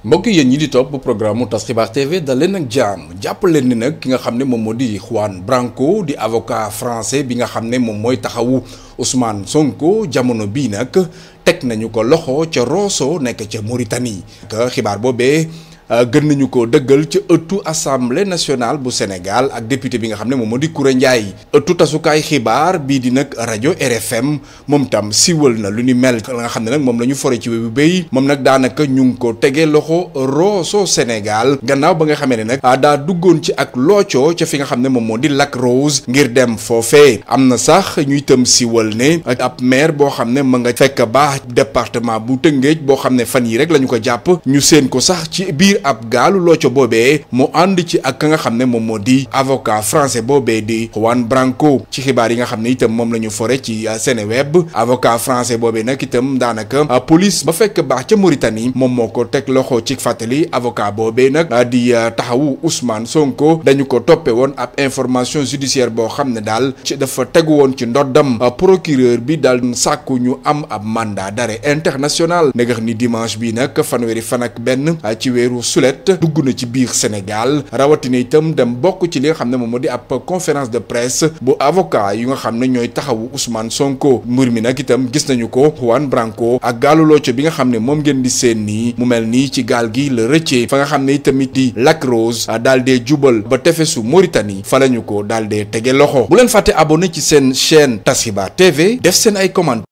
mbokk yéen ñi di topp programme mu tas xibaar TV da leen ak jaam jàppaleen leen nag ki nga xam ne moom moo di Juan Branco di avocat français bi nga xam ne moom mooy taxawu Ousmane Sonko jamono bii nag teg nañu ko loxo ca Rosso nekk ca Mauritanie. xibaar boobee. Euh, gën nañu ko dëggal ci ëttu assemblée national bu Sénégal ak député bi nga xam ne moom moo di Koura Ndiaye ëttu tasukaay xibaar bii di nag rajo RFM moom tam siiwal na lu ni mel la nga xam ne nag moom la ñu fore ci wébu béy moom nag daanaka ñu ngi ko tege loxo Roso Sénégal gannaaw ba nga xamee ne nag daa duggoon ci ak loocoo ca fi nga xam ne moom moo di Lac Rose ngir dem foofee am na sax ñu itam siiwal ne ak ab maire boo xam ne ma nga fekk baax département bu Tëngéej boo xam ne fan yi rek la ñu ko jàpp ñu seen ko sax ci ab gaalu locco boobee mu ànd ci ak ka nga xam ne moom moo di avocat français boobee di Juan Branco ci xibaar yi nga xam ne itam moom la ñu fore ci euh, Seneweb avocat français boobee nag itam daanaka euh, police ba fekk baax ca Mauritanie moom moo ko teg loxo ci fàttali avocat boobe nag euh, di taxawu Ousmane Sonko dañu ko toppe woon ab information judiciaire boo xam ne daal ci dafa tegu woon ci ndoddam procureur bi daal sàkku ñu am ab mandat d'arrêt international négax ni dimanche bi nag fanweeri fan ak benn ci weeru Soulette dugg na ci biir Sénégal rawatina itam dem bokk ci li nga xam ne moom moo di ab conférence de presse bu avocat yu nga xam ne ñooy taxawu Ousmane Sonko mbir mi nag itam gis nañu ko Juan Branco ak gaalu looco bi nga xam ne moom ngeen di seen nii mu mel nii ci gaal gi la rëccee fa nga xam ne itamit di Lac Rose ah, dal dee jubal ba tefesu Mauritanie fa lañu ko daal dee tege loxo bu leen fàtte abonné ci seen chaîne Tasriba TV def seen ay commentaires